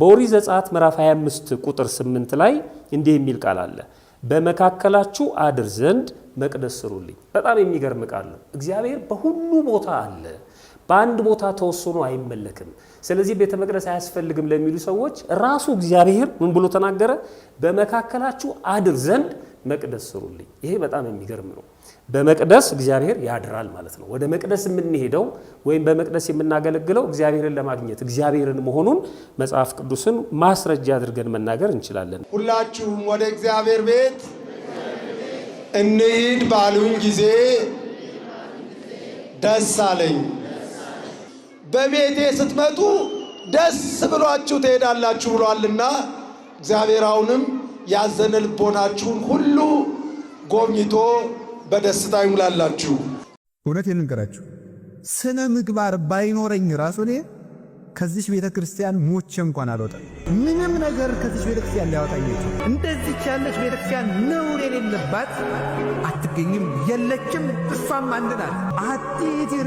በኦሪት ዘጸአት ምዕራፍ 25 ቁጥር 8 ላይ እንዲህ የሚል ቃል አለ፣ በመካከላችሁ አድር ዘንድ መቅደስ ስሩልኝ። በጣም የሚገርም ቃል ነው። እግዚአብሔር በሁሉ ቦታ አለ። በአንድ ቦታ ተወስኖ አይመለክም። ስለዚህ ቤተ መቅደስ አያስፈልግም ለሚሉ ሰዎች ራሱ እግዚአብሔር ምን ብሎ ተናገረ? በመካከላችሁ አድር ዘንድ መቅደስ ስሩልኝ። ይሄ በጣም የሚገርም ነው። በመቅደስ እግዚአብሔር ያድራል ማለት ነው። ወደ መቅደስ የምንሄደው ወይም በመቅደስ የምናገለግለው እግዚአብሔርን ለማግኘት እግዚአብሔርን መሆኑን መጽሐፍ ቅዱስን ማስረጃ አድርገን መናገር እንችላለን። ሁላችሁም ወደ እግዚአብሔር ቤት እንሂድ ባሉኝ ጊዜ ደስ አለኝ። በቤቴ ስትመጡ ደስ ብሏችሁ ትሄዳላችሁ ብሏልና እግዚአብሔር አሁንም ያዘነ ልቦናችሁን ሁሉ ጎብኝቶ በደስታ ይሙላላችሁ። እውነት የንንገራችሁ ስነ ምግባር ባይኖረኝ ራሱ እኔ ከዚች ቤተ ክርስቲያን ሞቼ እንኳን አልወጣም። ምንም ነገር ከዚች ቤተ ክርስቲያን ሊያወጣኝ እንደዚች ያለች ቤተ ክርስቲያን ነውር የሌለባት አትገኝም፣ የለችም። እሷም አንድ ናት።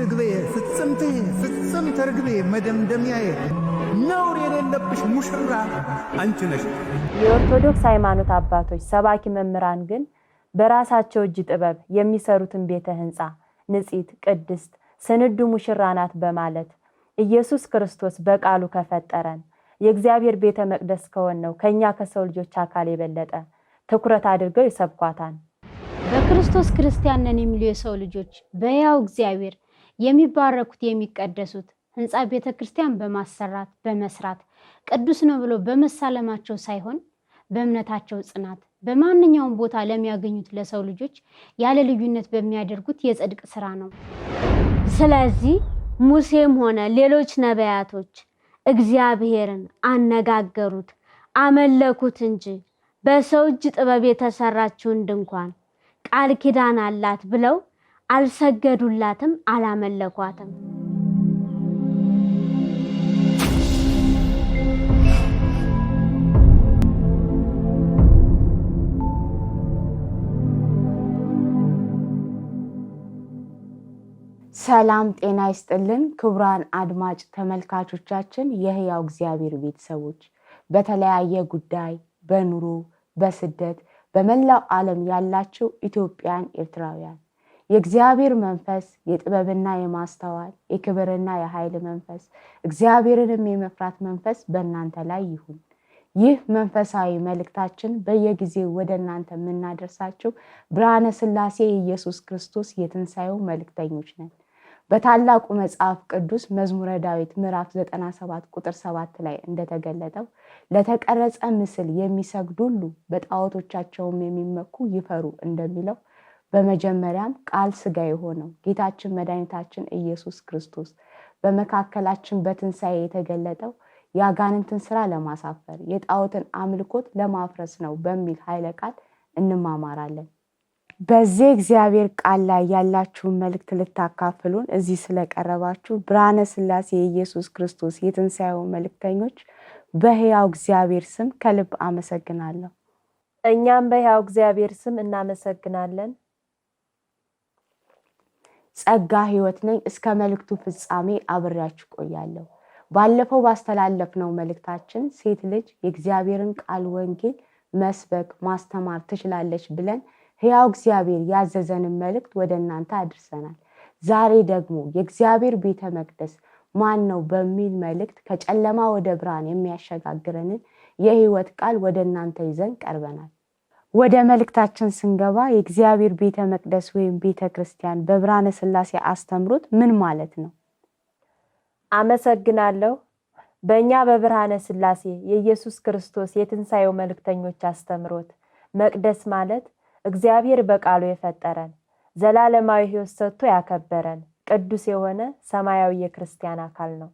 ርግቤ ፍጽምት ፍጽምት ርግቤ መደምደሚያዬ ነውር የሌለብሽ ሙሽራ አንቺ ነሽ። የኦርቶዶክስ ሃይማኖት አባቶች ሰባኪ መምህራን ግን በራሳቸው እጅ ጥበብ የሚሰሩትን ቤተ ሕንፃ ንጽት ቅድስት፣ ስንዱ ሙሽራ ናት በማለት ኢየሱስ ክርስቶስ በቃሉ ከፈጠረን የእግዚአብሔር ቤተ መቅደስ ከሆነው ከእኛ ከሰው ልጆች አካል የበለጠ ትኩረት አድርገው ይሰብኳታል። በክርስቶስ ክርስቲያን ነን የሚሉ የሰው ልጆች በያው እግዚአብሔር የሚባረኩት የሚቀደሱት ሕንፃ ቤተ ክርስቲያን በማሰራት በመስራት ቅዱስ ነው ብሎ በመሳለማቸው ሳይሆን በእምነታቸው ጽናት በማንኛውም ቦታ ለሚያገኙት ለሰው ልጆች ያለ ልዩነት በሚያደርጉት የጽድቅ ስራ ነው። ስለዚህ ሙሴም ሆነ ሌሎች ነቢያቶች እግዚአብሔርን አነጋገሩት፣ አመለኩት እንጂ በሰው እጅ ጥበብ የተሰራችውን ድንኳን ቃል ኪዳን አላት ብለው አልሰገዱላትም፣ አላመለኳትም። ሰላም ጤና ይስጥልን ክቡራን አድማጭ ተመልካቾቻችን፣ የህያው እግዚአብሔር ቤተሰቦች በተለያየ ጉዳይ በኑሮ በስደት በመላው ዓለም ያላችሁ ኢትዮጵያን ኤርትራውያን የእግዚአብሔር መንፈስ የጥበብና የማስተዋል የክብርና የኃይል መንፈስ እግዚአብሔርንም የመፍራት መንፈስ በእናንተ ላይ ይሁን። ይህ መንፈሳዊ መልእክታችን በየጊዜው ወደ እናንተ የምናደርሳችሁ ብርሃነ ስላሴ የኢየሱስ ክርስቶስ የትንሣኤው መልእክተኞች ነን። በታላቁ መጽሐፍ ቅዱስ መዝሙረ ዳዊት ምዕራፍ 97 ቁጥር 7 ላይ እንደተገለጠው ለተቀረጸ ምስል የሚሰግዱ ሁሉ በጣዖቶቻቸውም የሚመኩ ይፈሩ እንደሚለው በመጀመሪያም ቃል ስጋ የሆነው ጌታችን መድኃኒታችን ኢየሱስ ክርስቶስ በመካከላችን በትንሣኤ የተገለጠው የአጋንንትን ስራ ለማሳፈር የጣዖትን አምልኮት ለማፍረስ ነው በሚል ኃይለ ቃል እንማማራለን። በዚህ እግዚአብሔር ቃል ላይ ያላችሁን መልእክት ልታካፍሉን እዚህ ስለቀረባችሁ ብርሃነ ስላሴ የኢየሱስ ክርስቶስ የትንሣኤው መልእክተኞች በሕያው እግዚአብሔር ስም ከልብ አመሰግናለሁ። እኛም በሕያው እግዚአብሔር ስም እናመሰግናለን። ጸጋ ሕይወት ነኝ። እስከ መልእክቱ ፍጻሜ አብሬያችሁ ቆያለሁ። ባለፈው ባስተላለፍነው መልእክታችን ሴት ልጅ የእግዚአብሔርን ቃል ወንጌል መስበክ ማስተማር ትችላለች ብለን ሕያው እግዚአብሔር ያዘዘንን መልእክት ወደ እናንተ አድርሰናል። ዛሬ ደግሞ የእግዚአብሔር ቤተ መቅደስ ማን ነው በሚል መልእክት ከጨለማ ወደ ብርሃን የሚያሸጋግረንን የህይወት ቃል ወደ እናንተ ይዘን ቀርበናል። ወደ መልእክታችን ስንገባ የእግዚአብሔር ቤተ መቅደስ ወይም ቤተ ክርስቲያን በብርሃነ ስላሴ አስተምሮት ምን ማለት ነው? አመሰግናለሁ። በእኛ በብርሃነ ስላሴ የኢየሱስ ክርስቶስ የትንሣኤው መልእክተኞች አስተምሮት መቅደስ ማለት እግዚአብሔር በቃሉ የፈጠረን ዘላለማዊ ሕይወት ሰጥቶ ያከበረን ቅዱስ የሆነ ሰማያዊ የክርስቲያን አካል ነው።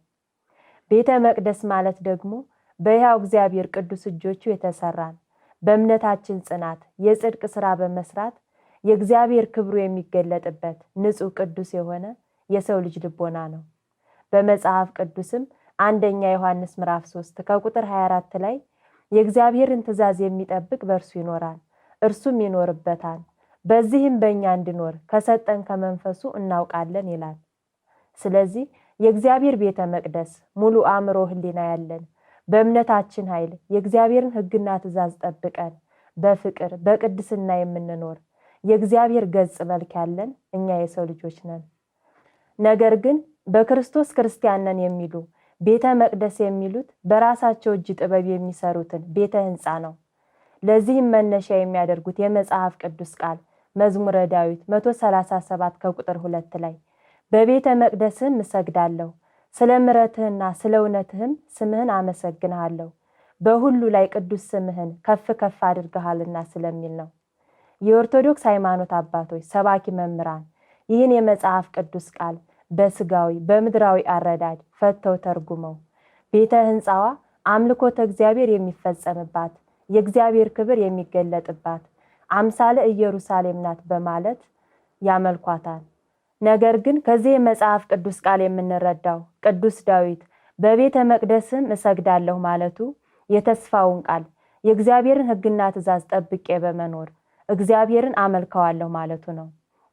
ቤተ መቅደስ ማለት ደግሞ በሕያው እግዚአብሔር ቅዱስ እጆቹ የተሰራን በእምነታችን ጽናት የጽድቅ ስራ በመስራት የእግዚአብሔር ክብሩ የሚገለጥበት ንጹሕ ቅዱስ የሆነ የሰው ልጅ ልቦና ነው። በመጽሐፍ ቅዱስም አንደኛ ዮሐንስ ምዕራፍ 3 ከቁጥር 24 ላይ የእግዚአብሔርን ትእዛዝ የሚጠብቅ በእርሱ ይኖራል እርሱም ይኖርበታል። በዚህም በእኛ እንድኖር ከሰጠን ከመንፈሱ እናውቃለን ይላል። ስለዚህ የእግዚአብሔር ቤተ መቅደስ ሙሉ አእምሮ፣ ህሊና ያለን በእምነታችን ኃይል የእግዚአብሔርን ሕግና ትእዛዝ ጠብቀን በፍቅር በቅድስና የምንኖር የእግዚአብሔር ገጽ መልክ ያለን እኛ የሰው ልጆች ነን። ነገር ግን በክርስቶስ ክርስቲያን ነን የሚሉ ቤተ መቅደስ የሚሉት በራሳቸው እጅ ጥበብ የሚሰሩትን ቤተ ህንፃ ነው። ለዚህም መነሻ የሚያደርጉት የመጽሐፍ ቅዱስ ቃል መዝሙረ ዳዊት 137 ከቁጥር ሁለት ላይ በቤተ መቅደስህም እሰግዳለሁ፣ ስለ ምረትህና ስለ እውነትህም ስምህን አመሰግንሃለሁ፣ በሁሉ ላይ ቅዱስ ስምህን ከፍ ከፍ አድርገሃልና ስለሚል ነው። የኦርቶዶክስ ሃይማኖት አባቶች፣ ሰባኪ መምህራን ይህን የመጽሐፍ ቅዱስ ቃል በስጋዊ በምድራዊ አረዳድ ፈተው ተርጉመው ቤተ ሕንፃዋ አምልኮተ እግዚአብሔር የሚፈጸምባት የእግዚአብሔር ክብር የሚገለጥባት አምሳለ ኢየሩሳሌም ናት በማለት ያመልኳታል። ነገር ግን ከዚህ የመጽሐፍ ቅዱስ ቃል የምንረዳው ቅዱስ ዳዊት በቤተ መቅደስም እሰግዳለሁ ማለቱ የተስፋውን ቃል የእግዚአብሔርን ሕግና ትእዛዝ ጠብቄ በመኖር እግዚአብሔርን አመልከዋለሁ ማለቱ ነው።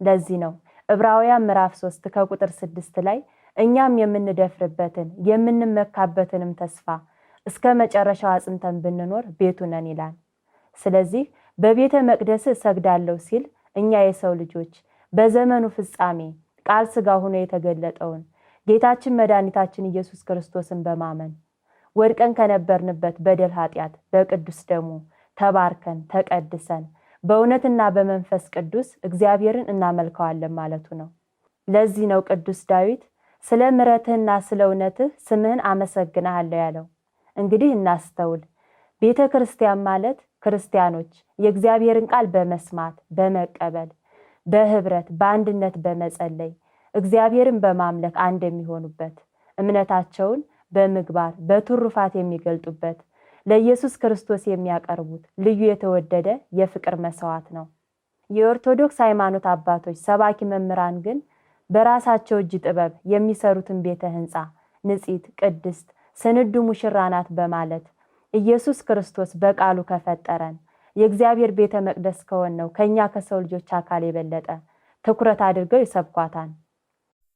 ለዚህ ነው ዕብራውያን ምዕራፍ ሶስት ከቁጥር ስድስት ላይ እኛም የምንደፍርበትን የምንመካበትንም ተስፋ እስከ መጨረሻው አጽንተን ብንኖር ቤቱ ነን ይላል። ስለዚህ በቤተ መቅደስ እሰግዳለሁ ሲል እኛ የሰው ልጆች በዘመኑ ፍጻሜ ቃል ሥጋ ሆኖ የተገለጠውን ጌታችን መድኃኒታችን ኢየሱስ ክርስቶስን በማመን ወድቀን ከነበርንበት በደል ኃጢአት በቅዱስ ደሙ ተባርከን ተቀድሰን በእውነትና በመንፈስ ቅዱስ እግዚአብሔርን እናመልከዋለን ማለቱ ነው። ለዚህ ነው ቅዱስ ዳዊት ስለ ምረትህና ስለ እውነትህ ስምህን አመሰግንሃለሁ ያለው። እንግዲህ እናስተውል። ቤተ ክርስቲያን ማለት ክርስቲያኖች የእግዚአብሔርን ቃል በመስማት በመቀበል፣ በህብረት በአንድነት በመጸለይ እግዚአብሔርን በማምለክ አንድ የሚሆኑበት እምነታቸውን በምግባር በትሩፋት የሚገልጡበት ለኢየሱስ ክርስቶስ የሚያቀርቡት ልዩ የተወደደ የፍቅር መስዋዕት ነው። የኦርቶዶክስ ሃይማኖት አባቶች፣ ሰባኪ መምህራን ግን በራሳቸው እጅ ጥበብ የሚሰሩትን ቤተ ህንፃ ንጽት ቅድስት፣ ስንዱ ሙሽራ ናት በማለት ኢየሱስ ክርስቶስ በቃሉ ከፈጠረን የእግዚአብሔር ቤተ መቅደስ ከሆን ነው ከእኛ ከሰው ልጆች አካል የበለጠ ትኩረት አድርገው ይሰብኳታል።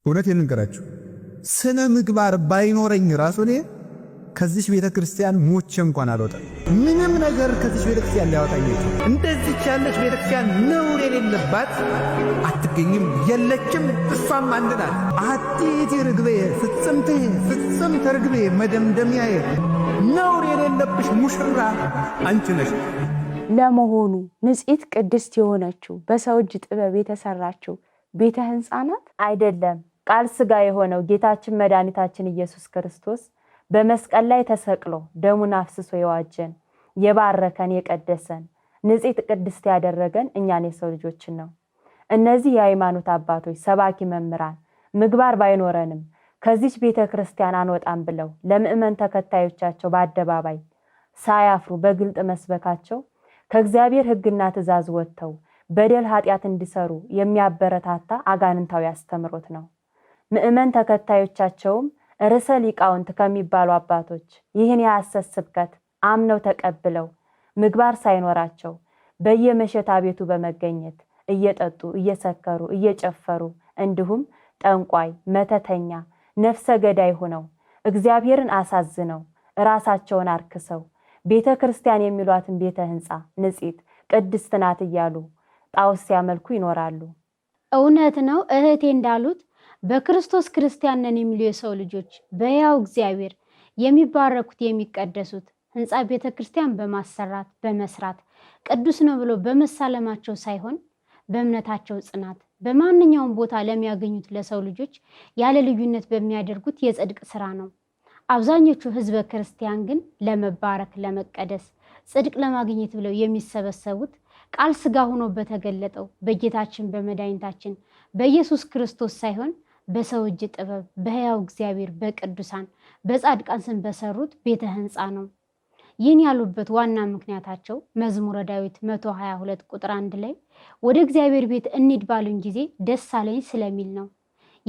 እውነት የንንገራችሁ ስነ ምግባር ባይኖረኝ ራሱ ከዚች ቤተ ክርስቲያን ሞቼ እንኳን አልወጣም። ምንም ነገር ከዚች ቤተ ክርስቲያን ሊያወጣኝ ይችላል። እንደዚች ያለች ቤተ ክርስቲያን ነውር የሌለባት አትገኝም፣ የለችም። እሷም አንድ ናት። አጢቲ ርግቤ ፍጽምት ፍጽምት ርግቤ መደምደሚያዬ፣ ነውር የሌለብሽ ሙሽራ አንቺ ነሽ። ለመሆኑ ንጽሕት ቅድስት የሆነችው በሰው እጅ ጥበብ የተሰራችው ቤተ ሕንፃ ናት አይደለም? ቃል ሥጋ የሆነው ጌታችን መድኃኒታችን ኢየሱስ ክርስቶስ በመስቀል ላይ ተሰቅሎ ደሙን አፍስሶ የዋጀን የባረከን የቀደሰን ንጽሕት ቅድስት ያደረገን እኛን የሰው ልጆችን ነው። እነዚህ የሃይማኖት አባቶች፣ ሰባኪ መምህራን ምግባር ባይኖረንም ከዚች ቤተ ክርስቲያን አንወጣም ብለው ለምእመን ተከታዮቻቸው በአደባባይ ሳያፍሩ በግልጥ መስበካቸው ከእግዚአብሔር ሕግና ትእዛዝ ወጥተው በደል ኃጢአት እንዲሰሩ የሚያበረታታ አጋንንታዊ አስተምሮት ነው። ምእመን ተከታዮቻቸውም ርዕሰ ሊቃውንት ከሚባሉ አባቶች ይህን የሐሰት ስብከት አምነው ተቀብለው ምግባር ሳይኖራቸው በየመሸታ ቤቱ በመገኘት እየጠጡ እየሰከሩ እየጨፈሩ እንዲሁም ጠንቋይ፣ መተተኛ፣ ነፍሰ ገዳይ ሆነው እግዚአብሔርን አሳዝነው ራሳቸውን አርክሰው ቤተ ክርስቲያን የሚሏትን ቤተ ሕንፃ ንጽት ቅድስት ናት እያሉ ጣዖት ሲያመልኩ ይኖራሉ። እውነት ነው እህቴ እንዳሉት በክርስቶስ ክርስቲያን ነን የሚሉ የሰው ልጆች በያው እግዚአብሔር የሚባረኩት የሚቀደሱት ህንፃ ቤተ ክርስቲያን በማሰራት በመስራት ቅዱስ ነው ብሎ በመሳለማቸው ሳይሆን በእምነታቸው ጽናት በማንኛውም ቦታ ለሚያገኙት ለሰው ልጆች ያለ ልዩነት በሚያደርጉት የጽድቅ ስራ ነው። አብዛኞቹ ህዝበ ክርስቲያን ግን ለመባረክ፣ ለመቀደስ፣ ጽድቅ ለማግኘት ብለው የሚሰበሰቡት ቃል ስጋ ሆኖ በተገለጠው በጌታችን በመድኃኒታችን በኢየሱስ ክርስቶስ ሳይሆን በሰው እጅ ጥበብ በሕያው እግዚአብሔር በቅዱሳን በጻድቃን ስም በሰሩት ቤተ ሕንፃ ነው። ይህን ያሉበት ዋና ምክንያታቸው መዝሙረ ዳዊት 122 ቁጥር አንድ ላይ ወደ እግዚአብሔር ቤት እንሂድ ባሉኝ ጊዜ ደስ አለኝ ስለሚል ነው።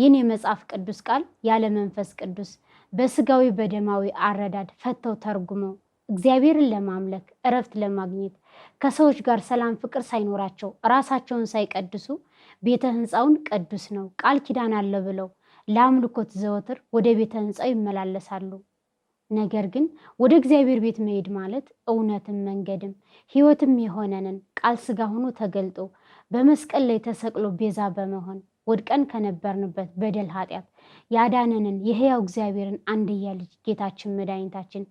ይህን የመጽሐፍ ቅዱስ ቃል ያለ መንፈስ ቅዱስ በስጋዊ በደማዊ አረዳድ ፈተው ተርጉመው እግዚአብሔርን ለማምለክ እረፍት ለማግኘት ከሰዎች ጋር ሰላም፣ ፍቅር ሳይኖራቸው ራሳቸውን ሳይቀድሱ ቤተ ሕንፃውን ቅዱስ ነው፣ ቃል ኪዳን አለ ብለው ለአምልኮት ዘወትር ወደ ቤተ ሕንፃው ይመላለሳሉ። ነገር ግን ወደ እግዚአብሔር ቤት መሄድ ማለት እውነትም መንገድም ሕይወትም የሆነንን ቃል ሥጋ ሆኖ ተገልጦ በመስቀል ላይ ተሰቅሎ ቤዛ በመሆን ወድቀን ከነበርንበት በደል ኃጢአት ያዳነንን የሕያው እግዚአብሔርን አንድያ ልጅ ጌታችን መድኃኒታችን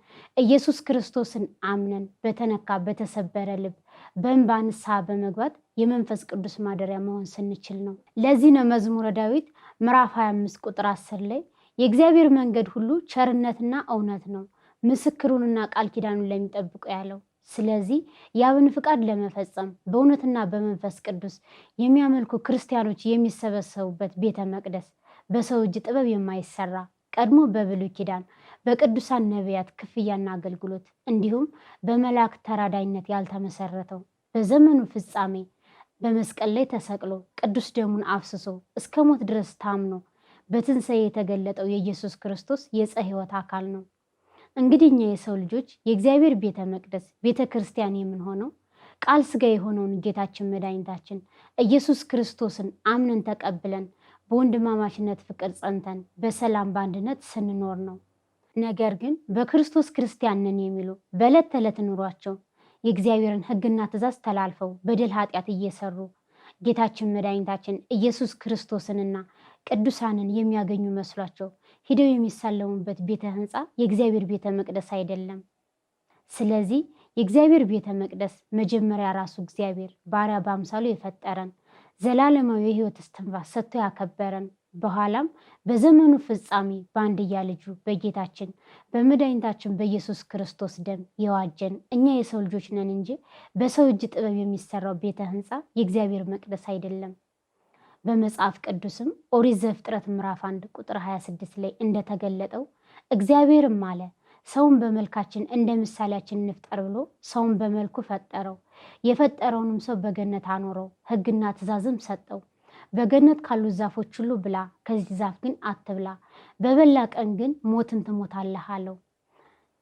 ኢየሱስ ክርስቶስን አምነን በተነካ በተሰበረ ልብ በእንባ ንስሐ በመግባት የመንፈስ ቅዱስ ማደሪያ መሆን ስንችል ነው። ለዚህ ነው መዝሙረ ዳዊት ምዕራፍ 25 ቁጥር 10 ላይ የእግዚአብሔር መንገድ ሁሉ ቸርነትና እውነት ነው፣ ምስክሩንና ቃል ኪዳኑን ለሚጠብቁ ያለው። ስለዚህ የአብን ፍቃድ ለመፈጸም በእውነትና በመንፈስ ቅዱስ የሚያመልኩ ክርስቲያኖች የሚሰበሰቡበት ቤተ መቅደስ በሰው እጅ ጥበብ የማይሰራ ቀድሞ በብሉይ ኪዳን በቅዱሳን ነቢያት ክፍያና አገልግሎት እንዲሁም በመልአክ ተራዳይነት ያልተመሰረተው በዘመኑ ፍጻሜ በመስቀል ላይ ተሰቅሎ ቅዱስ ደሙን አፍስሶ እስከ ሞት ድረስ ታምኖ በትንሣኤ የተገለጠው የኢየሱስ ክርስቶስ የዕፀ ሕይወት አካል ነው። እንግዲህ እኛ የሰው ልጆች የእግዚአብሔር ቤተ መቅደስ ቤተ ክርስቲያን የምንሆነው ቃል ሥጋ የሆነውን ጌታችን መድኃኒታችን ኢየሱስ ክርስቶስን አምነን ተቀብለን በወንድማማችነት ፍቅር ጸንተን በሰላም በአንድነት ስንኖር ነው። ነገር ግን በክርስቶስ ክርስቲያን ነን የሚሉ በዕለት ተዕለት ኑሯቸው የእግዚአብሔርን ሕግና ትእዛዝ ተላልፈው በደል ኃጢአት እየሰሩ ጌታችን መድኃኒታችን ኢየሱስ ክርስቶስንና ቅዱሳንን የሚያገኙ መስሏቸው ሂደው የሚሳለሙበት ቤተ ሕንፃ የእግዚአብሔር ቤተ መቅደስ አይደለም። ስለዚህ የእግዚአብሔር ቤተ መቅደስ መጀመሪያ ራሱ እግዚአብሔር ባሪያ በአምሳሉ የፈጠረን ዘላለማዊ የህይወት እስትንፋስ ሰጥቶ ያከበረን በኋላም በዘመኑ ፍጻሜ በአንድያ ልጁ በጌታችን በመድኃኒታችን በኢየሱስ ክርስቶስ ደም የዋጀን እኛ የሰው ልጆች ነን እንጂ በሰው እጅ ጥበብ የሚሰራው ቤተ ሕንፃ የእግዚአብሔር መቅደስ አይደለም። በመጽሐፍ ቅዱስም ኦሪት ዘፍጥረት ምዕራፍ አንድ ቁጥር 26 ላይ እንደተገለጠው እግዚአብሔርም አለ ሰውን በመልካችን እንደ ምሳሌያችን እንፍጠር ብሎ ሰውን በመልኩ ፈጠረው። የፈጠረውንም ሰው በገነት አኖረው፣ ሕግና ትእዛዝም ሰጠው። በገነት ካሉት ዛፎች ሁሉ ብላ፣ ከዚህ ዛፍ ግን አትብላ፣ በበላ ቀን ግን ሞትን ትሞታለህ አለው።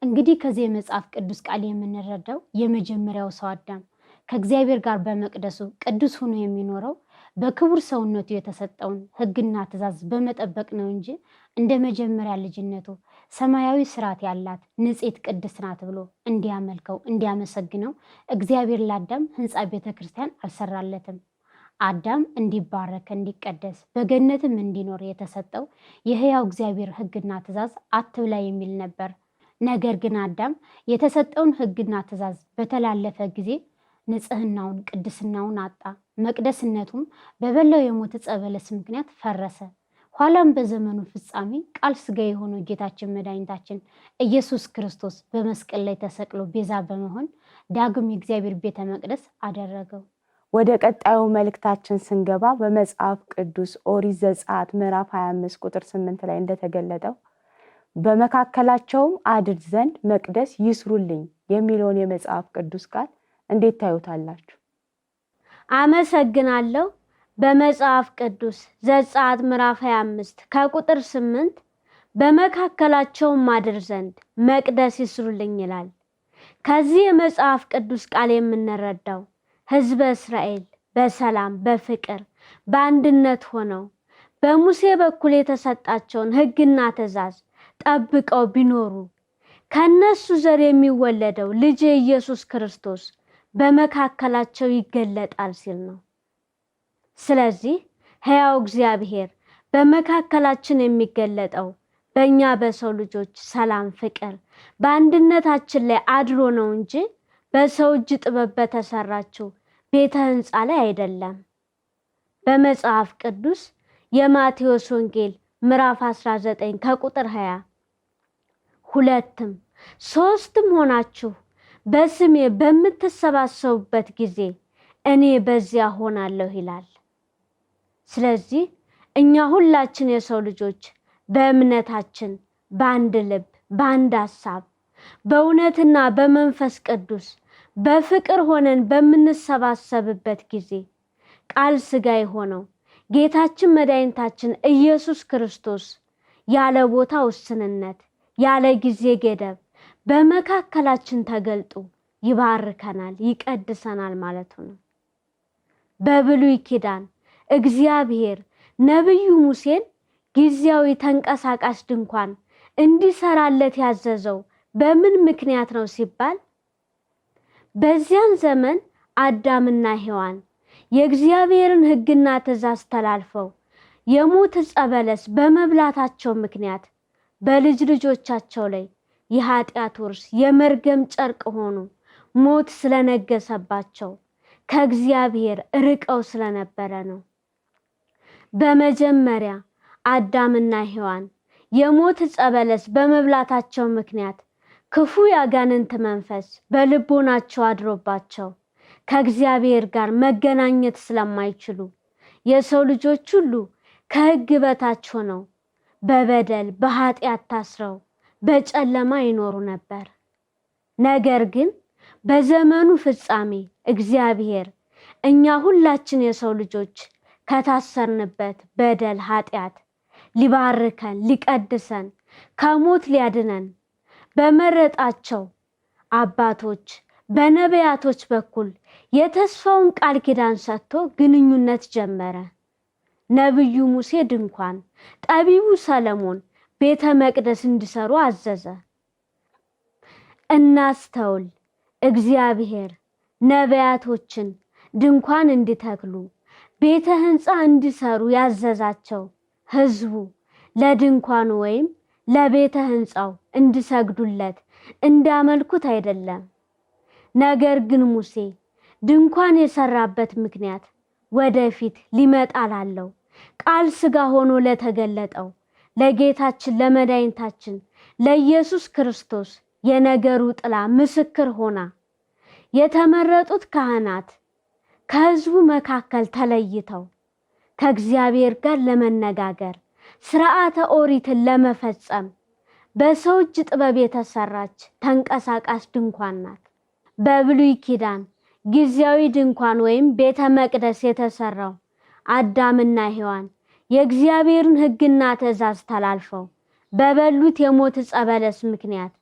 እንግዲህ ከዚህ የመጽሐፍ ቅዱስ ቃል የምንረዳው የመጀመሪያው ሰው አዳም ከእግዚአብሔር ጋር በመቅደሱ ቅዱስ ሆኖ የሚኖረው በክቡር ሰውነቱ የተሰጠውን ሕግና ትእዛዝ በመጠበቅ ነው እንጂ እንደ መጀመሪያ ልጅነቱ ሰማያዊ ስርዓት ያላት ንጽሕት ቅድስት ናት ብሎ እንዲያመልከው እንዲያመሰግነው እግዚአብሔር ላዳም ሕንፃ ቤተ ክርስቲያን አልሰራለትም። አዳም እንዲባረክ እንዲቀደስ በገነትም እንዲኖር የተሰጠው የሕያው እግዚአብሔር ሕግና ትእዛዝ አትብላ የሚል ነበር። ነገር ግን አዳም የተሰጠውን ሕግና ትእዛዝ በተላለፈ ጊዜ ንጽህናውን፣ ቅድስናውን አጣ። መቅደስነቱም በበላው የሞት ዕፀ በለስ ምክንያት ፈረሰ። ኋላም በዘመኑ ፍጻሜ ቃል ሥጋ የሆነው ጌታችን መድኃኒታችን ኢየሱስ ክርስቶስ በመስቀል ላይ ተሰቅሎ ቤዛ በመሆን ዳግም የእግዚአብሔር ቤተ መቅደስ አደረገው። ወደ ቀጣዩ መልእክታችን ስንገባ በመጽሐፍ ቅዱስ ኦሪት ዘጸአት ምዕራፍ 25 ቁጥር 8 ላይ እንደተገለጠው በመካከላቸውም አድር ዘንድ መቅደስ ይስሩልኝ የሚለውን የመጽሐፍ ቅዱስ ቃል እንዴት ታዩታላችሁ? አመሰግናለሁ። በመጽሐፍ ቅዱስ ዘጸአት ምዕራፍ 25 ከቁጥር 8 በመካከላቸውም አድር ዘንድ መቅደስ ይስሩልኝ ይላል። ከዚህ የመጽሐፍ ቅዱስ ቃል የምንረዳው ህዝበ እስራኤል በሰላም በፍቅር በአንድነት ሆነው በሙሴ በኩል የተሰጣቸውን ህግና ትእዛዝ ጠብቀው ቢኖሩ ከነሱ ዘር የሚወለደው ልጅ ኢየሱስ ክርስቶስ በመካከላቸው ይገለጣል ሲል ነው። ስለዚህ ሕያው እግዚአብሔር በመካከላችን የሚገለጠው በእኛ በሰው ልጆች ሰላም፣ ፍቅር በአንድነታችን ላይ አድሮ ነው እንጂ በሰው እጅ ጥበብ በተሰራችው ቤተ ሕንፃ ላይ አይደለም። በመጽሐፍ ቅዱስ የማቴዎስ ወንጌል ምዕራፍ 19 ከቁጥር 20 ሁለትም ሶስትም ሆናችሁ በስሜ በምትሰባሰቡበት ጊዜ እኔ በዚያ ሆናለሁ ይላል። ስለዚህ እኛ ሁላችን የሰው ልጆች በእምነታችን በአንድ ልብ፣ በአንድ ሀሳብ በእውነትና በመንፈስ ቅዱስ በፍቅር ሆነን በምንሰባሰብበት ጊዜ ቃል ሥጋ የሆነው ጌታችን መድኃኒታችን ኢየሱስ ክርስቶስ ያለ ቦታ ውስንነት፣ ያለ ጊዜ ገደብ በመካከላችን ተገልጦ ይባርከናል፣ ይቀድሰናል ማለቱ ነው። በብሉይ ኪዳን እግዚአብሔር ነቢዩ ሙሴን ጊዜያዊ ተንቀሳቃሽ ድንኳን እንዲሰራለት ያዘዘው በምን ምክንያት ነው ሲባል በዚያን ዘመን አዳምና ሔዋን የእግዚአብሔርን ሕግና ትእዛዝ ተላልፈው የሞት ዕፀ በለስ በመብላታቸው ምክንያት በልጅ ልጆቻቸው ላይ የኃጢአት ውርስ የመርገም ጨርቅ ሆኑ። ሞት ስለነገሰባቸው ከእግዚአብሔር ርቀው ስለነበረ ነው። በመጀመሪያ አዳምና ሔዋን የሞት ዕፀ በለስ በመብላታቸው ምክንያት ክፉ ያጋንንት መንፈስ በልቦናቸው አድሮባቸው ከእግዚአብሔር ጋር መገናኘት ስለማይችሉ የሰው ልጆች ሁሉ ከሕግ በታች ሆነው በበደል በኃጢአት ታስረው በጨለማ ይኖሩ ነበር። ነገር ግን በዘመኑ ፍጻሜ እግዚአብሔር እኛ ሁላችን የሰው ልጆች ከታሰርንበት በደል ኃጢአት ሊባርከን ሊቀድሰን ከሞት ሊያድነን በመረጣቸው አባቶች በነቢያቶች በኩል የተስፋውን ቃል ኪዳን ሰጥቶ ግንኙነት ጀመረ። ነቢዩ ሙሴ ድንኳን፣ ጠቢቡ ሰለሞን ቤተ መቅደስ እንዲሰሩ አዘዘ። እናስተውል። እግዚአብሔር ነቢያቶችን ድንኳን እንዲተክሉ ቤተ ሕንፃ እንዲሰሩ ያዘዛቸው ሕዝቡ ለድንኳኑ ወይም ለቤተ ሕንፃው እንዲሰግዱለት እንዳመልኩት አይደለም። ነገር ግን ሙሴ ድንኳን የሰራበት ምክንያት ወደፊት ሊመጣ ላለው ቃል ሥጋ ሆኖ ለተገለጠው ለጌታችን ለመድኃኒታችን ለኢየሱስ ክርስቶስ የነገሩ ጥላ ምስክር ሆና የተመረጡት ካህናት ከሕዝቡ መካከል ተለይተው ከእግዚአብሔር ጋር ለመነጋገር ስርዓተ ኦሪትን ለመፈጸም በሰው እጅ ጥበብ የተሰራች ተንቀሳቃስ ድንኳን ናት። በብሉይ ኪዳን ጊዜያዊ ድንኳን ወይም ቤተ መቅደስ የተሰራው አዳምና ሔዋን የእግዚአብሔርን ሕግና ትእዛዝ ተላልፈው በበሉት የሞት ዕፀ በለስ ምክንያት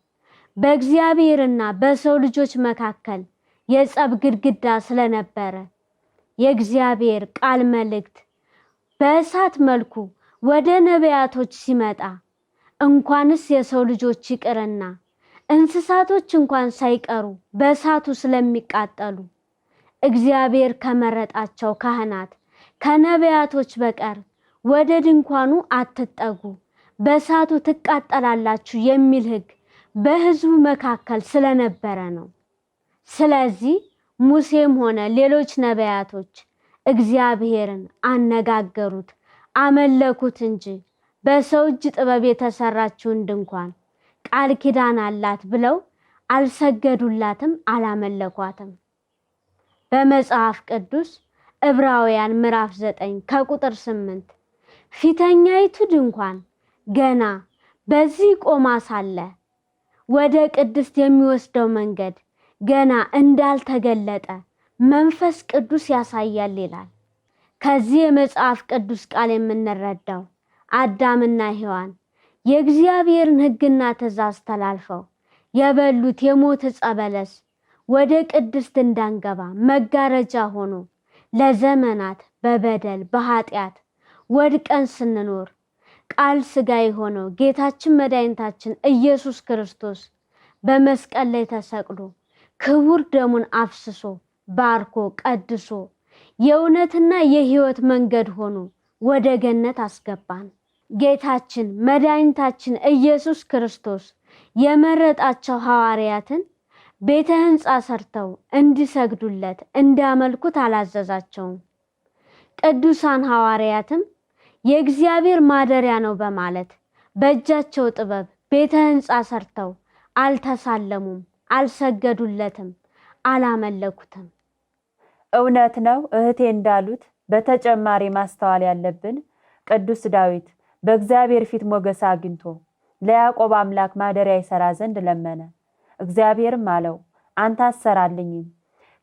በእግዚአብሔርና በሰው ልጆች መካከል የጸብ ግድግዳ ስለነበረ የእግዚአብሔር ቃል መልእክት በእሳት መልኩ ወደ ነቢያቶች ሲመጣ እንኳንስ የሰው ልጆች ይቅርና እንስሳቶች እንኳን ሳይቀሩ በእሳቱ ስለሚቃጠሉ እግዚአብሔር ከመረጣቸው ካህናት ከነቢያቶች በቀር ወደ ድንኳኑ አትጠጉ፣ በእሳቱ ትቃጠላላችሁ የሚል ሕግ በሕዝቡ መካከል ስለነበረ ነው። ስለዚህ ሙሴም ሆነ ሌሎች ነቢያቶች እግዚአብሔርን አነጋገሩት። አመለኩት እንጂ በሰው እጅ ጥበብ የተሰራችውን ድንኳን ቃል ኪዳን አላት ብለው አልሰገዱላትም፣ አላመለኳትም። በመጽሐፍ ቅዱስ ዕብራውያን ምዕራፍ ዘጠኝ ከቁጥር ስምንት ፊተኛይቱ ድንኳን ገና በዚህ ቆማ ሳለ ወደ ቅድስት የሚወስደው መንገድ ገና እንዳልተገለጠ መንፈስ ቅዱስ ያሳያል ይላል። ከዚህ የመጽሐፍ ቅዱስ ቃል የምንረዳው አዳምና ሔዋን የእግዚአብሔርን ሕግና ትእዛዝ ተላልፈው የበሉት የሞት ዕፀ በለስ ወደ ቅድስት እንዳንገባ መጋረጃ ሆኖ ለዘመናት በበደል በኃጢአት ወድቀን ስንኖር ቃል ሥጋ የሆነው ጌታችን መድኃኒታችን ኢየሱስ ክርስቶስ በመስቀል ላይ ተሰቅሎ ክቡር ደሙን አፍስሶ ባርኮ ቀድሶ የእውነትና የህይወት መንገድ ሆኖ ወደ ገነት አስገባን። ጌታችን መድኃኒታችን ኢየሱስ ክርስቶስ የመረጣቸው ሐዋርያትን ቤተ ሕንፃ ሰርተው እንዲሰግዱለት እንዲያመልኩት አላዘዛቸውም። ቅዱሳን ሐዋርያትም የእግዚአብሔር ማደሪያ ነው በማለት በእጃቸው ጥበብ ቤተ ሕንፃ ሰርተው አልተሳለሙም፣ አልሰገዱለትም፣ አላመለኩትም። እውነት ነው እህቴ እንዳሉት። በተጨማሪ ማስተዋል ያለብን ቅዱስ ዳዊት በእግዚአብሔር ፊት ሞገስ አግኝቶ ለያዕቆብ አምላክ ማደሪያ ይሰራ ዘንድ ለመነ። እግዚአብሔርም አለው አንተ አሰራልኝም፣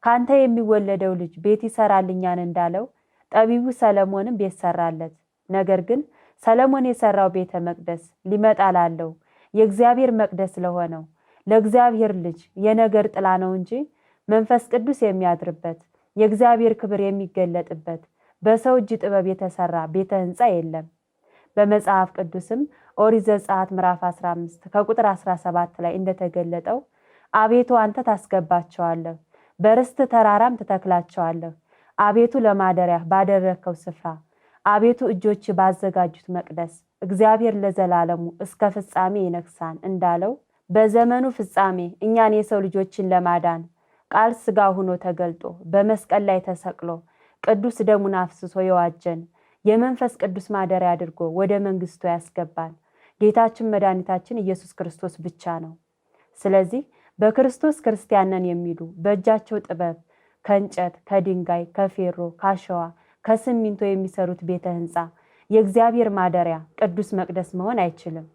ካንተ የሚወለደው ልጅ ቤት ይሰራልኛን እንዳለው ጠቢቡ ሰለሞንም ቤት ሰራለት። ነገር ግን ሰለሞን የሰራው ቤተ መቅደስ ሊመጣ ላለው የእግዚአብሔር መቅደስ ለሆነው ለእግዚአብሔር ልጅ የነገር ጥላ ነው እንጂ መንፈስ ቅዱስ የሚያድርበት የእግዚአብሔር ክብር የሚገለጥበት በሰው እጅ ጥበብ የተሰራ ቤተ ሕንፃ የለም። በመጽሐፍ ቅዱስም ኦሪት ዘጸአት ምዕራፍ 15 ከቁጥር 17 ላይ እንደተገለጠው አቤቱ አንተ ታስገባቸዋለህ፣ በርስት ተራራም ትተክላቸዋለህ። አቤቱ ለማደሪያ ባደረግከው ስፍራ፣ አቤቱ እጆች ባዘጋጁት መቅደስ እግዚአብሔር ለዘላለሙ እስከ ፍጻሜ ይነግሳን እንዳለው በዘመኑ ፍጻሜ እኛን የሰው ልጆችን ለማዳን ቃል ስጋ ሆኖ ተገልጦ በመስቀል ላይ ተሰቅሎ ቅዱስ ደሙን አፍስሶ የዋጀን የመንፈስ ቅዱስ ማደሪያ አድርጎ ወደ መንግስቱ ያስገባን ጌታችን መድኃኒታችን ኢየሱስ ክርስቶስ ብቻ ነው። ስለዚህ በክርስቶስ ክርስቲያንን የሚሉ በእጃቸው ጥበብ ከእንጨት፣ ከድንጋይ፣ ከፌሮ፣ ካሸዋ፣ ከሲሚንቶ የሚሰሩት ቤተ ህንፃ የእግዚአብሔር ማደሪያ ቅዱስ መቅደስ መሆን አይችልም።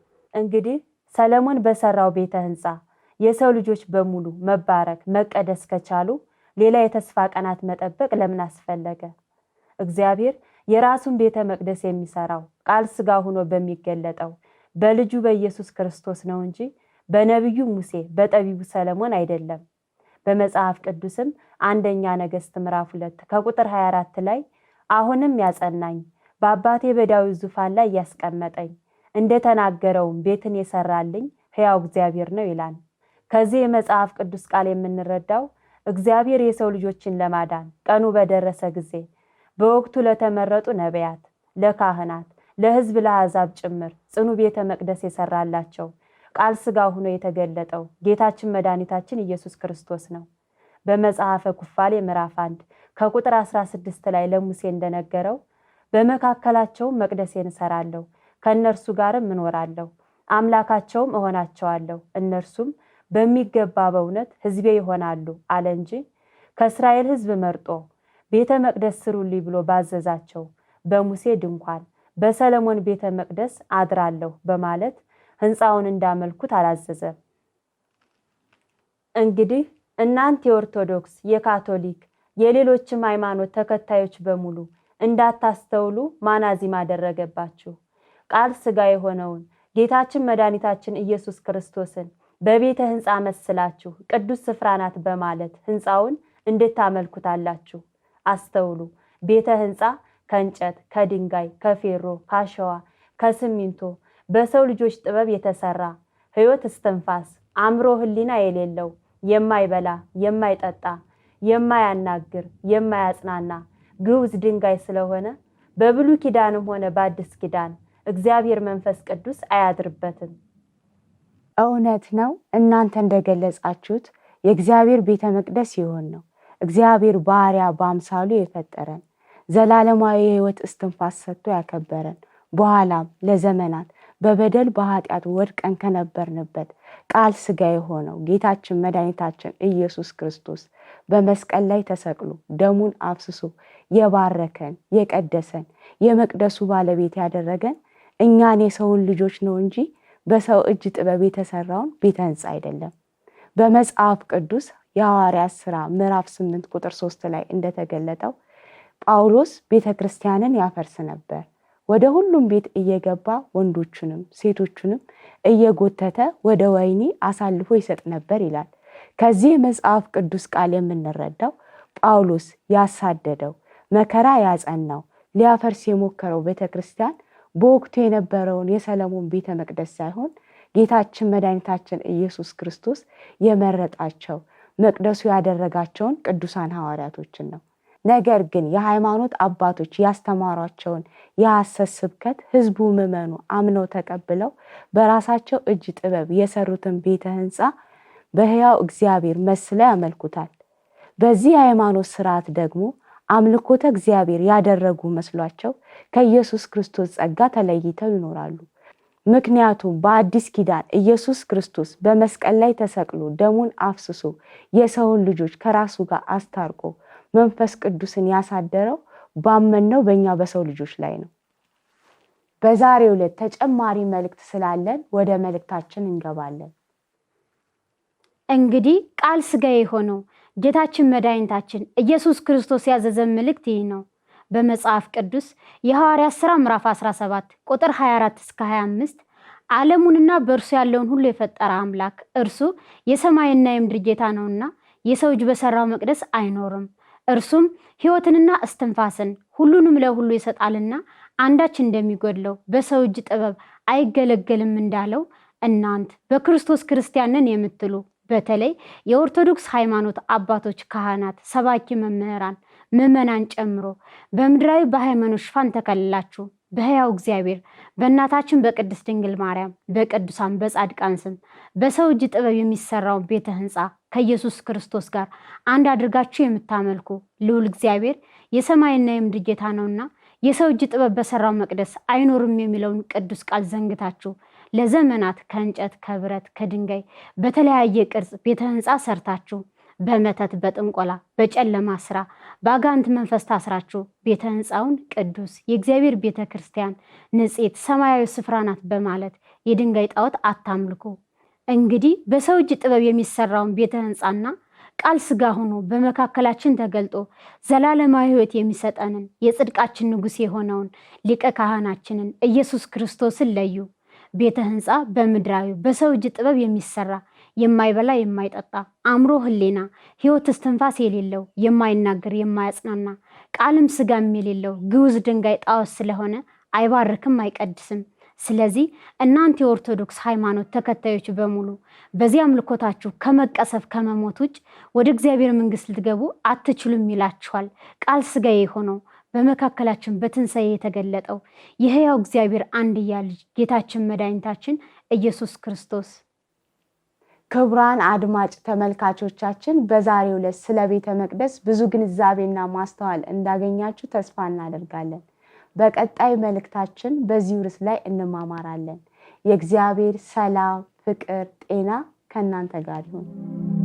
እንግዲህ ሰለሞን በሰራው ቤተ ህንፃ የሰው ልጆች በሙሉ መባረክ መቀደስ ከቻሉ ሌላ የተስፋ ቀናት መጠበቅ ለምን አስፈለገ? እግዚአብሔር የራሱን ቤተ መቅደስ የሚሰራው ቃል ስጋ ሆኖ በሚገለጠው በልጁ በኢየሱስ ክርስቶስ ነው እንጂ በነቢዩ ሙሴ በጠቢቡ ሰለሞን አይደለም። በመጽሐፍ ቅዱስም አንደኛ ነገሥት ምዕራፍ ሁለት ከቁጥር 24 ላይ አሁንም ያጸናኝ በአባቴ በዳዊት ዙፋን ላይ ያስቀመጠኝ እንደተናገረውም ቤትን የሰራልኝ ሕያው እግዚአብሔር ነው ይላል። ከዚህ የመጽሐፍ ቅዱስ ቃል የምንረዳው እግዚአብሔር የሰው ልጆችን ለማዳን ቀኑ በደረሰ ጊዜ በወቅቱ ለተመረጡ ነቢያት፣ ለካህናት፣ ለሕዝብ፣ ለአሕዛብ ጭምር ጽኑ ቤተ መቅደስ የሰራላቸው ቃል ሥጋ ሆኖ የተገለጠው ጌታችን መድኃኒታችን ኢየሱስ ክርስቶስ ነው። በመጽሐፈ ኩፋሌ ምዕራፍ 1 ከቁጥር 16 ላይ ለሙሴ እንደነገረው በመካከላቸውም መቅደሴን እሰራለሁ፣ ከእነርሱ ጋርም እኖራለሁ፣ አምላካቸውም እሆናቸዋለሁ፣ እነርሱም በሚገባ በእውነት ሕዝቤ ይሆናሉ አለ እንጂ ከእስራኤል ሕዝብ መርጦ ቤተ መቅደስ ስሩልኝ ብሎ ባዘዛቸው በሙሴ ድንኳን በሰለሞን ቤተ መቅደስ አድራለሁ በማለት ሕንፃውን እንዳመልኩት አላዘዘም። እንግዲህ እናንት የኦርቶዶክስ፣ የካቶሊክ፣ የሌሎችም ሃይማኖት ተከታዮች በሙሉ እንዳታስተውሉ ማናዚም አደረገባችሁ። ቃል ስጋ የሆነውን ጌታችን መድኃኒታችን ኢየሱስ ክርስቶስን በቤተ ሕንፃ መስላችሁ ቅዱስ ስፍራ ናት በማለት ሕንፃውን እንዴት ታመልኩታላችሁ? አስተውሉ። ቤተ ሕንፃ ከእንጨት፣ ከድንጋይ፣ ከፌሮ፣ ከአሸዋ ከሲሚንቶ በሰው ልጆች ጥበብ የተሰራ ሕይወት እስትንፋስ አእምሮ ህሊና የሌለው የማይበላ የማይጠጣ የማያናግር የማያጽናና ግውዝ ድንጋይ ስለሆነ በብሉይ ኪዳንም ሆነ በአዲስ ኪዳን እግዚአብሔር መንፈስ ቅዱስ አያድርበትም። እውነት ነው እናንተ እንደገለጻችሁት የእግዚአብሔር ቤተ መቅደስ ይሆን ነው። እግዚአብሔር ባሪያ በአምሳሉ የፈጠረን ዘላለማዊ የህይወት እስትንፋስ ሰጥቶ ያከበረን በኋላም ለዘመናት በበደል በኃጢአት ወድቀን ከነበርንበት ቃል ስጋ የሆነው ጌታችን መድኃኒታችን ኢየሱስ ክርስቶስ በመስቀል ላይ ተሰቅሎ ደሙን አፍስሶ የባረከን የቀደሰን የመቅደሱ ባለቤት ያደረገን እኛን የሰውን ልጆች ነው እንጂ በሰው እጅ ጥበብ የተሰራውን ቤተ ህንፃ አይደለም። በመጽሐፍ ቅዱስ የሐዋርያት ስራ ምዕራፍ ስምንት ቁጥር ሶስት ላይ እንደተገለጠው ጳውሎስ ቤተ ክርስቲያንን ያፈርስ ነበር። ወደ ሁሉም ቤት እየገባ ወንዶቹንም ሴቶቹንም እየጎተተ ወደ ወይኒ አሳልፎ ይሰጥ ነበር ይላል። ከዚህ የመጽሐፍ ቅዱስ ቃል የምንረዳው ጳውሎስ ያሳደደው መከራ ያጸናው ሊያፈርስ የሞከረው ቤተ ክርስቲያን በወቅቱ የነበረውን የሰለሞን ቤተ መቅደስ ሳይሆን ጌታችን መድኃኒታችን ኢየሱስ ክርስቶስ የመረጣቸው መቅደሱ ያደረጋቸውን ቅዱሳን ሐዋርያቶችን ነው። ነገር ግን የሃይማኖት አባቶች ያስተማሯቸውን የሐሰት ስብከት ህዝቡ ምዕመኑ አምነው ተቀብለው በራሳቸው እጅ ጥበብ የሰሩትን ቤተ ህንፃ በሕያው እግዚአብሔር መስለው ያመልኩታል። በዚህ የሃይማኖት ስርዓት ደግሞ አምልኮተ እግዚአብሔር ያደረጉ መስሏቸው ከኢየሱስ ክርስቶስ ጸጋ ተለይተው ይኖራሉ። ምክንያቱም በአዲስ ኪዳን ኢየሱስ ክርስቶስ በመስቀል ላይ ተሰቅሎ ደሙን አፍስሶ የሰውን ልጆች ከራሱ ጋር አስታርቆ መንፈስ ቅዱስን ያሳደረው ባመነው በእኛ በሰው ልጆች ላይ ነው። በዛሬው ዕለት ተጨማሪ መልእክት ስላለን ወደ መልእክታችን እንገባለን። እንግዲህ ቃል ስጋ የሆነው ጌታችን መድኃኒታችን ኢየሱስ ክርስቶስ ያዘዘን መልእክት ይህ ነው። በመጽሐፍ ቅዱስ የሐዋርያት ሥራ ምዕራፍ 17 ቁጥር 24 እስከ 25 ዓለሙንና በእርሱ ያለውን ሁሉ የፈጠረ አምላክ እርሱ የሰማይና የምድር ጌታ ነውና የሰው እጅ በሰራው መቅደስ አይኖርም። እርሱም ሕይወትንና እስትንፋስን ሁሉንም ለሁሉ ይሰጣልና አንዳች እንደሚጎድለው በሰው እጅ ጥበብ አይገለገልም እንዳለው እናንት በክርስቶስ ክርስቲያንን የምትሉ በተለይ የኦርቶዶክስ ሃይማኖት አባቶች፣ ካህናት፣ ሰባኪ መምህራን፣ ምዕመናን ጨምሮ በምድራዊ በሃይማኖት ሽፋን ተከልላችሁ በሕያው እግዚአብሔር በእናታችን በቅድስት ድንግል ማርያም በቅዱሳን በጻድቃን ስም በሰው እጅ ጥበብ የሚሰራውን ቤተ ሕንፃ ከኢየሱስ ክርስቶስ ጋር አንድ አድርጋችሁ የምታመልኩ ልዑል እግዚአብሔር የሰማይና የምድር ጌታ ነውና የሰው እጅ ጥበብ በሰራው መቅደስ አይኖርም የሚለውን ቅዱስ ቃል ዘንግታችሁ ለዘመናት ከእንጨት ከብረት፣ ከድንጋይ በተለያየ ቅርጽ ቤተ ህንፃ ሰርታችሁ በመተት በጥንቆላ በጨለማ ስራ በአጋንንት መንፈስ ታስራችሁ ቤተ ህንፃውን ቅዱስ የእግዚአብሔር ቤተ ክርስቲያን ንጽሕት ሰማያዊ ስፍራ ናት በማለት የድንጋይ ጣዖት አታምልኩ። እንግዲህ በሰው እጅ ጥበብ የሚሰራውን ቤተ ህንፃና ቃል ስጋ ሆኖ በመካከላችን ተገልጦ ዘላለማዊ ህይወት የሚሰጠንን የጽድቃችን ንጉሥ የሆነውን ሊቀ ካህናችንን ኢየሱስ ክርስቶስን ለዩ። ቤተ ህንፃ በምድራዊ በሰው እጅ ጥበብ የሚሰራ የማይበላ የማይጠጣ አእምሮ ህሌና ህይወት እስትንፋስ የሌለው የማይናገር የማያጽናና ቃልም ስጋም የሌለው ግውዝ ድንጋይ ጣዖት ስለሆነ አይባርክም አይቀድስም። ስለዚህ እናንተ የኦርቶዶክስ ሃይማኖት ተከታዮች በሙሉ በዚህ አምልኮታችሁ ከመቀሰፍ ከመሞት ውጭ ወደ እግዚአብሔር መንግስት ልትገቡ አትችሉም ይላችኋል ቃል ስጋዬ የሆነው በመካከላችን በትንሣኤ የተገለጠው የሕያው እግዚአብሔር አንድያ ልጅ ጌታችን መድኃኒታችን ኢየሱስ ክርስቶስ። ክቡራን አድማጭ ተመልካቾቻችን በዛሬው ዕለት ስለ ቤተ መቅደስ ብዙ ግንዛቤና ማስተዋል እንዳገኛችሁ ተስፋ እናደርጋለን። በቀጣይ መልእክታችን በዚሁ ርዕስ ላይ እንማማራለን። የእግዚአብሔር ሰላም፣ ፍቅር፣ ጤና ከእናንተ ጋር ይሁን።